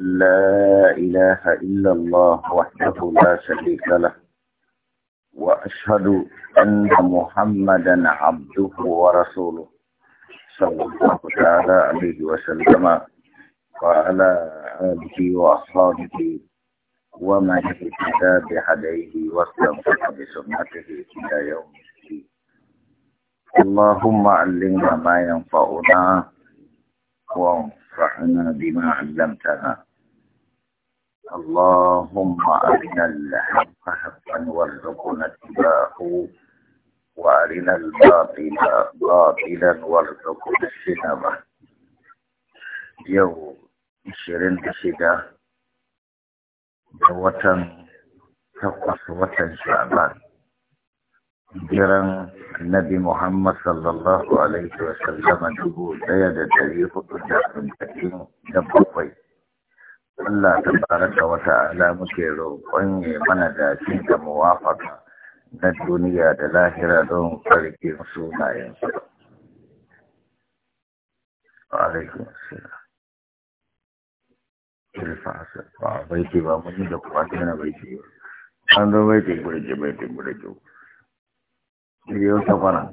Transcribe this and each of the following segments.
لا إله إلا الله وحده لا شريك له وأشهد أن محمدا عبده ورسوله صلى الله تعالى عليه وسلم وعلى آله وأصحابه ومن اهتدى بهديه واستنفق بسنته إلى يوم الدين اللهم علمنا ما ينفعنا وانفعنا بما علمتنا اللهم أرنا الحق حقا وارزقنا اتباعه وأرنا الباطل باطلا وارزقنا اجتنابه يوم شيرين بشدة يو وطن تقص وطن شعبان جيران النبي محمد صلى الله عليه وسلم يقول لا يدري قطر جاكم تكينو دبو Allah ta baraka wata ala muke roƙon ya mana da shi da muwafaka na duniya da lahira don farke farkin sunayensu. Wa'alaikun suna. Ilfa su ba bai ce ba mun yi da kuma tana bai ce ba. An zo bai ce burge bai ce burge. Yau ta fara.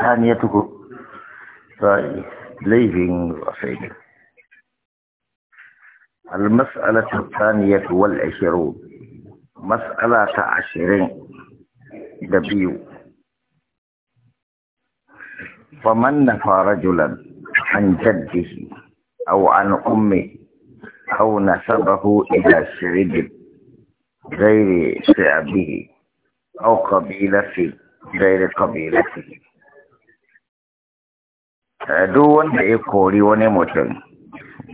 ثانيته ليفين وسيد المسألة الثانية والعشرون مسألة عشرين دبيو فمن نفى رجلا عن جده أو عن أمه أو نسبه إلى شعب غير شعبه أو قبيلة غير قبيلته duk wanda ya kori wani mutum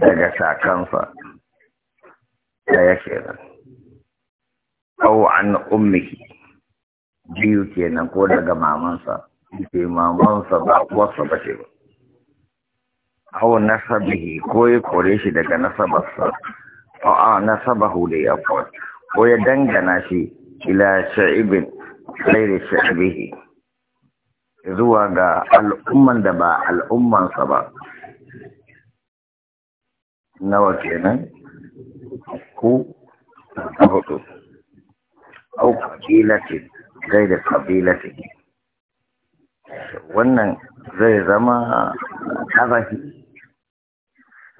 daga sakansa ɗaya nan, au an ummihi biyu kenan ko daga mamansa ke mamansa ba uwarsa ba ce ba au nasabihi ko ya kore shi daga nasabarsa a nasabahu da ya kori ko ya dangana shi ila sha'ibin da sha'ibihi zuwa ga al'umman da ba al'ummansa ba nawa kenan ko hudu au kabilatin gai da kabilatin wannan zai zama kazafi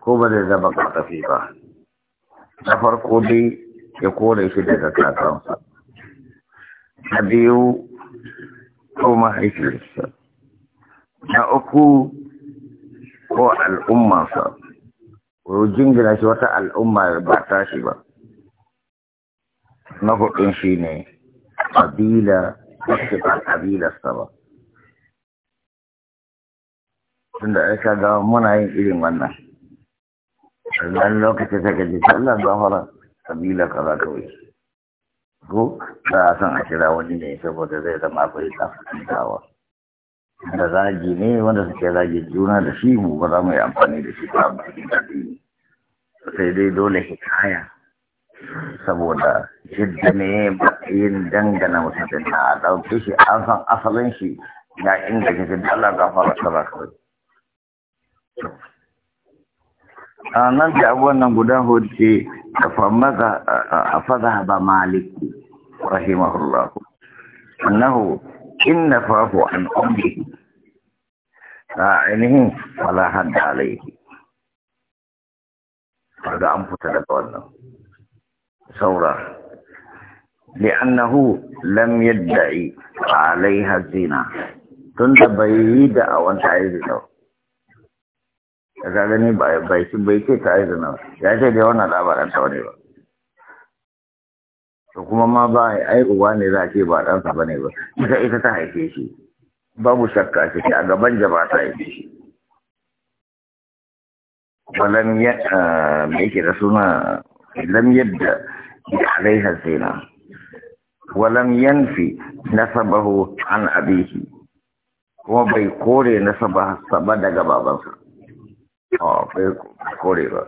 ko ba zai zama kazafi ba na farko dai ya kore shi daga kakansa na biyu mahaifiyarsa na uku ko al'ummarsa ko jingina shi wata al'umma ba ta shi ba na hudun shi ne ƙabila wasu ba ƙabilarsa ba tunda ya shaga muna yin irin wannan sannan lokacin ta gaji sallan zahara ƙabila kaza kawai ko za a san a kira wani ne saboda zai zama akwai tsaftawa da zagi ne wanda suke zagi juna da shi mu ba za mu yi amfani da shi ba sai dai dole hikaya saboda jidda ne yin dangana mutum na a ɗauke shi an san asalin shi na inda kake dala ga ta ba kawai a nan da abubuwan nan guda hudu a faza ba maliki rahimahullah annahu in na fahu an umri a ainihin falahan da alaihi daga an fita daga wannan saura annahu lam لأنه bai yi da a تنتبهي دعوة yi الله Daga ga gani bai bai ce ta aiza na ya ce dai wannan labaran ta wani ba to kuma ma ba ai uwa ne za ce ba ɗansa ba ne ba ita ita ta haife shi babu shakka ce a gaban jabata ta haife shi walam ya me yake da suna lam yadda ya alaiha walam yanfi nasabahu an abihi kuma bai kore nasaba saba daga babansa a bai kore ba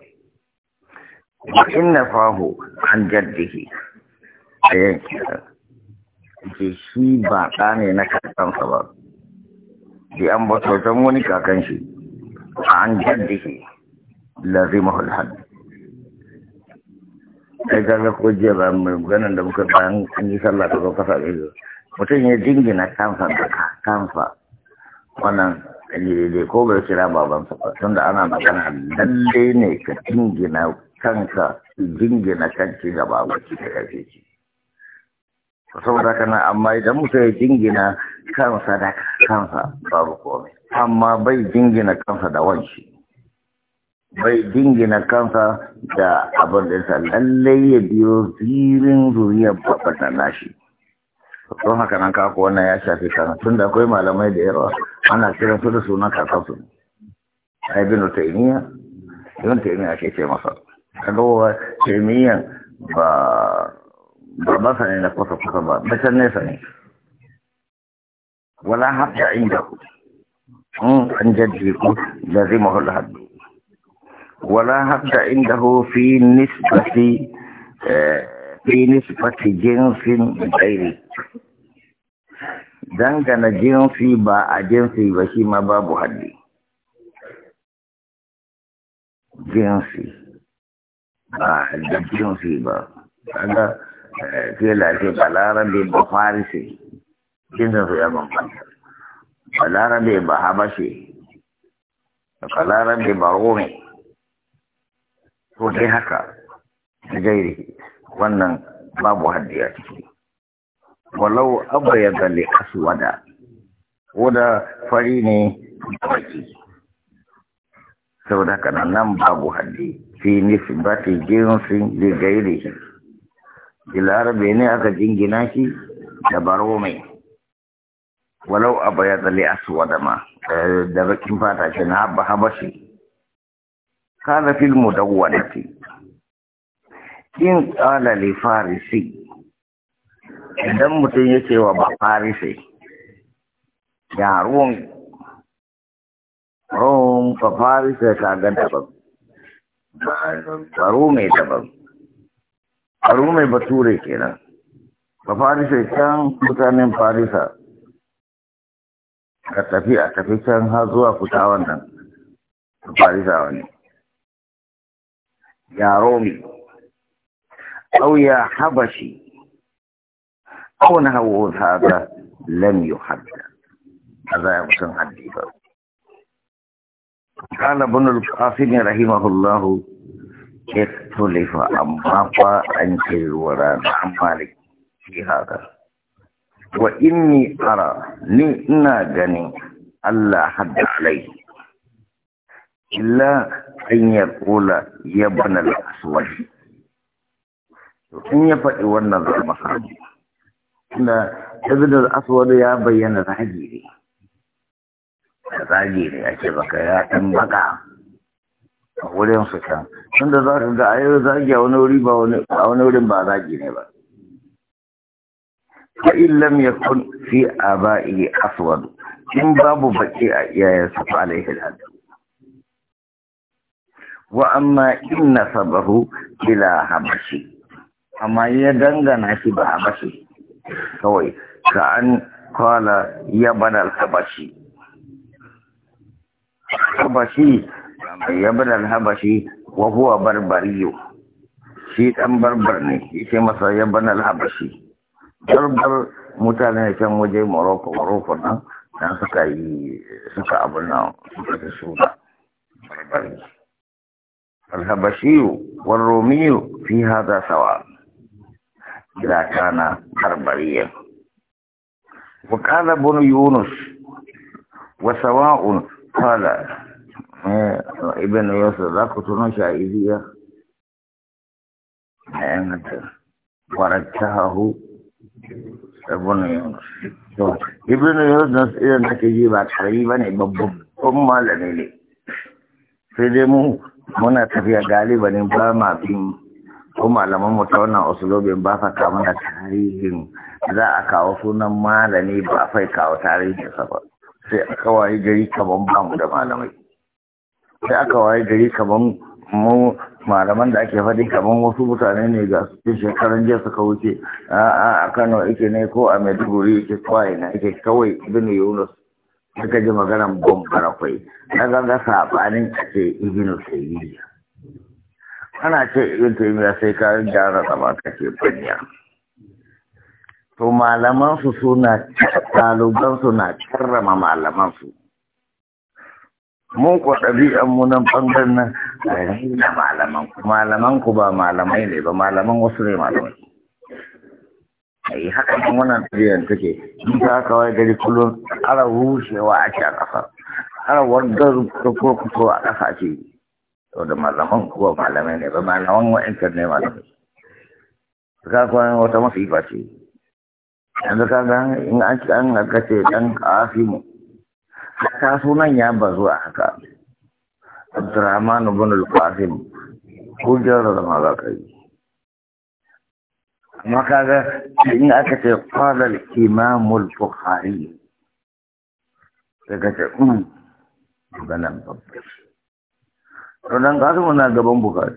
in na fahu an jaddihi a yanki shi ba ɗa ne na kakansa ba shi an ba sautan wani kakan shi an jaddihi lazimahul haddi sai kaga ko jiya ba mai ganin da muka bayan an yi sallah ta zo kasa ido mutum ya jingina kansa da kansa wannan yi daidai ko bai kira babansa ba Tunda ana magana lalle ne ka jingina kanka jingina kanki ga babanki da karfe ki saboda kana amma idan mutum ya jingina kansa da kansa babu komai amma bai jingina kansa da wanshi bai jingina kansa da abin da lalle ya biyo zirin zuriyar babban nashi don haka nan ka wannan ya shafi kana tun da akwai malamai da yawa ana kiran su da sunan kakansu ai bin taymiya ibn taymiya ake ce masa kaga wa taymiya ba ba ba sane na kusa kusa ba ba can nesa ne wala hatta inda ku hmm, an jaddi ku da zai mahul haddu wala hatta inda fi nisbati eh, fi nisfati jinsin gairi dangana jinsi ba a jinsi ba shi ma babu haddi jinsi ba da jinsi ba kaga tela eh, ce ba larabe ba farisi jinsin su ya bambanta ba larabe ba habashe ba haka wannan babu haddi a ciki walau abayyada li aswada ko da fari ne baki saboda haka nan babu haddi fi nisbati jinsin li gairihi bilarabe ne aka jingina shi da baro mai walau abayyada li aswada ma eh, da bakin fata shi na habashi kana fil mudawwalati in ƙala li farisi idan mutum ya ce wa ba farisi ya ruwan ruwan ba farisi ta ga daban baro mai daban baro mai bature kenan ba farisa can mutanen farisa ka tafi a tafi can har zuwa fita wannan farisa wani yaro mai أو يا حبشي أو نحو هذا لم يحدد هذا يبسن حديثا قال ابن القاسم رحمه الله اختلف أما أنت الوراء مع مالك في هذا وإني أرى نئنا جني ألا حد عليه إلا أن يقول يا ابن الأسود in ya faɗi wannan zai inda tunda ibnul aswad ya bayyana zahiri ne ake baka ya ɗan baka a wurin su can inda za ka ga a yau zagi a wani wuri ba a wani wurin ba zagi ne ba fa in lam yakun fi aba'i aswad in babu baki a iyayensa fa alaihi wa amma in nasabahu ila habashi amma ya dangana shi ba habashi kawai ka an kwala ya bada habashi habashi ya bada habashi wa huwa barbariyo shi dan barbar ne ce masa ya bada habashi barbar mutane can waje morocco morocco nan dan suka yi suka abin nan suka ta suna barbari الهبشي والرومي fi haza sawa. da kana harbariya. Wakala bin Yunus, wasa wa’un kala, Ibn Yunus za ku tuno shi a iziya, a yanata, waracce hahu, Ibn Yunus. Ibn Yunus idan take ji ba ƙarfi ba ne babban malami ne, sai dai mu muna tafiya galibanin ba ma fi ko malaman mu ta wannan usulobin ba sa kawo mana tarihin za a kawo sunan malami ba fai kawo tarihin sa ba sai aka waye gari kaman ba mu da malamai sai aka waye gari kaman mu malaman da ake faɗi kaman wasu mutane ne ga cikin shekaran jiya suka wuce a a Kano yake ne ko a Maiduguri yake ko na yake kawai Ibn Yunus suka ji maganar bombara akwai na ganga sabanin a ce Ibn Sayyid ana ce irin taimiya sai ka gyara zama kake fanya to malaman su suna ɗaliban su na karrama malaman su mun ku ɗabi'an mu nan ɓangaren nan da malaman ku malaman ku ba malamai ne ba malaman wasu ne malamai ai haka nan wannan ɗabi'an take in ta kawai gari kullum ara rushewa ake a ƙasar ara wardar ko a ƙasa ce to da malaman kuwa malamai ne ba malaman wa'ancan ne malamai ka wata masifa ce yanzu ka ga an sunan ya bazu a haka Abdurrahman ibn al-Qasim da maza kai amma in aka ce qala daga ce nan babbar Sunan Kasimu na gaban Bukari.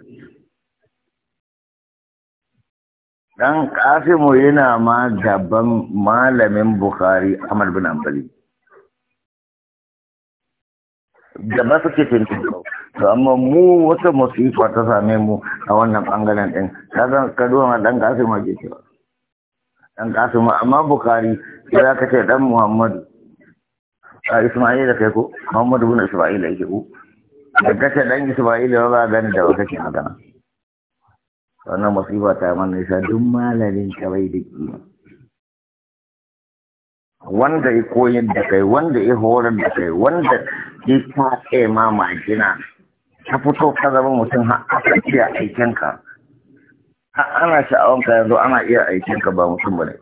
Dan Kasimu yana ma gaban malamin Bukari Ahmad bin Ambali. Gaba suke ba. To amma mu wata musifa ta same mu a wannan bangaren ɗin. Kaga kaduwa ma dan Kasimu ake cewa. Dan Kasimu amma Bukari ya kace dan Muhammadu. A Ismail da kai ko Muhammadu bin Isma'ila yake ko. daga ta dan Isma'ila ba za gani da wata ke magana wannan masifa ta mana nisa duk malamin kawai da ke wanda ya koyar da kai wanda ya horar da kai wanda ya ta kai ma majina ta fito ka zama mutum har aka iya aikinka har ana sha'awanka yanzu ana iya aikinka ba mutum ba ne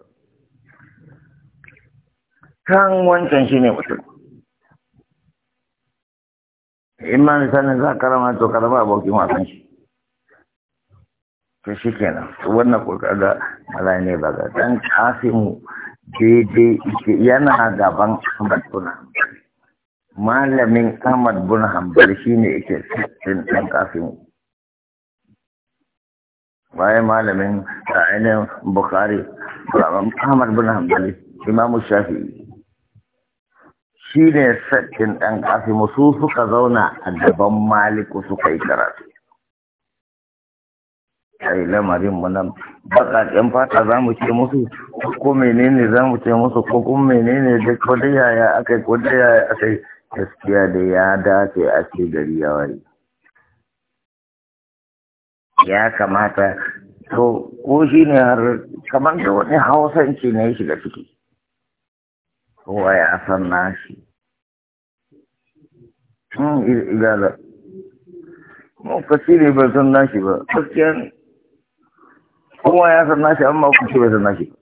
kan wancan shi ne mutum in ma misalin za ka karama to karama rama abokin wasan shi to shi kenan wannan ko kada mala ne ba ga dan kasimu daidai yana gaban Ahmad Buna malamin Ahmad Buna shi shine ike cikin dan kasimu waye malamin ainihin Bukhari Ahmad Buna hambar imamu Shafi'i shi ne sakin ɗan kasimu su suka zauna a daban maliku suka yi karatu ai lamarin mu nan baƙaƙen fata za mu ce musu ko menene za mu ce musu ko kuma menene da ko da yaya aka yi ko da yaya aka yi gaskiya da ya dace a ce gari ya wari ya kamata to ko shi ne har kamar da wani hausanci ne ya shiga ciki kowa ya san nashi hmm, igada. mu ne bai san nashi ba gaskiya ne kowa ya san nashi amma ce bai san nashi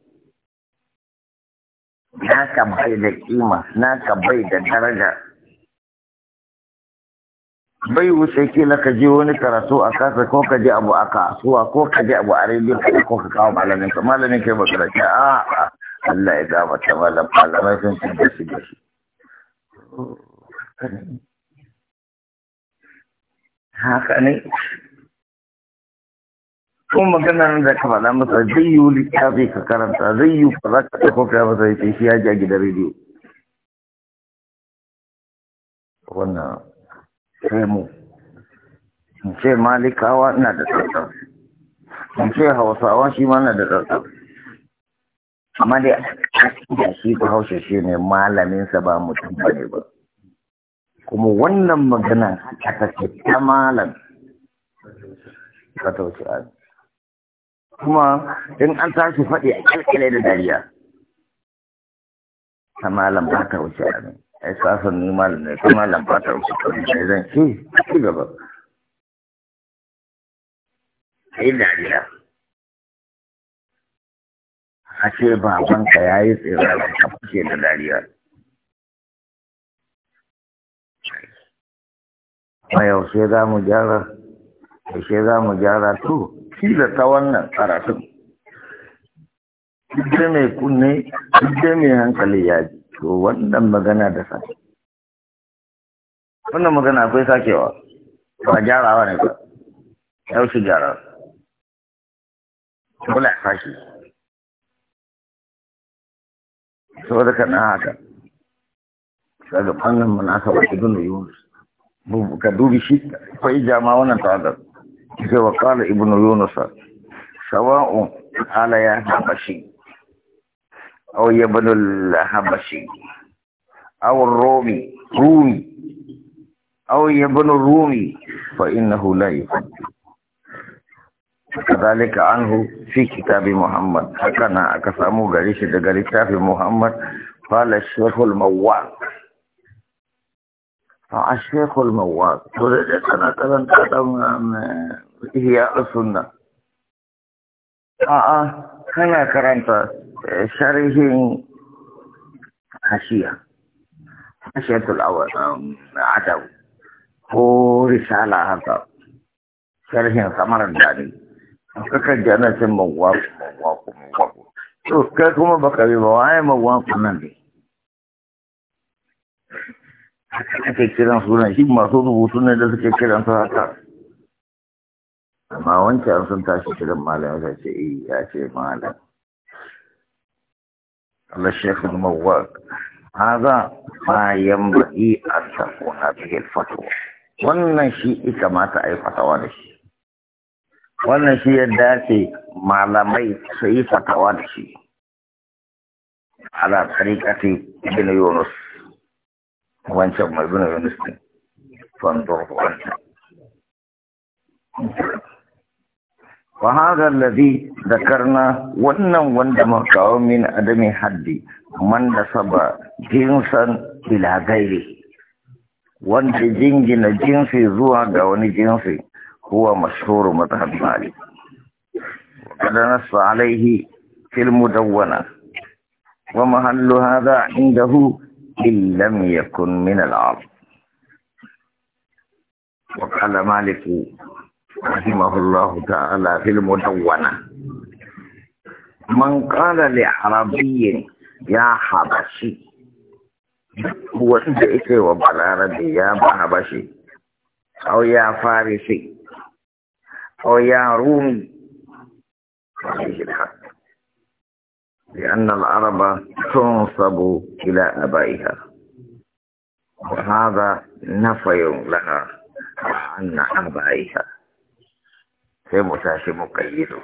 Na ka bai da kima na ka bai da daraja bai wuce kila ka je wani karatu a kasa ko ka je abu a kasuwa ko ka je abu a rediyo ko ka kawo malamin ka malamin kai ba ka a a Allah ya dama ta malam malamai sun fi da su da su. haka ne kuma maganar da ka faɗa masa zai yi littafi ka karanta zai yi ba za ka kofiya masa ya shi ya ji a gidan rediyo wannan sai mu in ce malikawa ina da tsarkar, in ce hausawa shi ma na da tsarkar. amma dai da shi ko haushe shi ne malaminsa ba mutum ba ne ba kuma wannan magana ta ce ta malam ka an kuma in an tashi faɗi a kyalkyale da dariya ta malam ba ta wuce an ai sasan ni malam ne ta malam ba ta wuce ta wuce zan ci ci gaba Ai dariya ashe babanka ya yi tsira da kafashe da dariya a yaushe za mu gyara yaushe za mu gyara to da ta wannan karatun duk da mai kunne duk da mai hankali ya ji to wannan magana da sa wannan magana akwai sakewa ba gyarawa ne ba yaushe gyara dole a sake saboda ka na haka daga fannin munasaba ibn yunus ka dubi shi akwai jama wannan tawadar sai wa kala ibn yunus sawa'un ala ya habashi aw ibn al-habashi aw ar-rumi rumi aw ya banu rumi fa innahu la yufaddi kadhalika anhu fi kitabi Muhammad haka na aka samu gari shi daga littafin Muhammad fala shekul mawaq fa ashekul mawaq to da ya kana kan kadan ihya sunna a a kana karanta eh, sharihin hasiya hasiyatul awal um, adaw ko risala haka sharihin samaran dani kakan ji ana cin mangwaku mangwaku mangwaku to kai kuma baka bi ba waye mangwaku nan ne ake kiran sunan shi masu rubutu ne da suke kiran sa haka amma wancan sun tashi kiran malam ya ce eh ya ce malam Allah Sheikh Mawwaq هذا ما ينبغي أن تكون به الفتوى wannan shi ita mata a yi fatawa da shi wannan shi ya dace malamai su yi fatawa da shi ala tsarikati gina yunus wancan mai gina yunus ne fandor wancan وهذا الذي ذكرنا ونن وندم كاو من عدم حد من نسب جنسا الى غيره wanda jingina jinsi zuwa ga wani jinsi هو مشهور مذهب مالك وقد نص عليه في المدونة ومحل هذا عنده إن لم يكن من العرض وقال مالك رحمه الله تعالى في المدونة من قال لعربي يا حبشي هو إذا إيه يا حبشي أو يا فارسي أو يا رومي صحيح الحق لأن العرب تنصب إلى أبائها وهذا نفي لها عن أبائها سيمتاش مقيده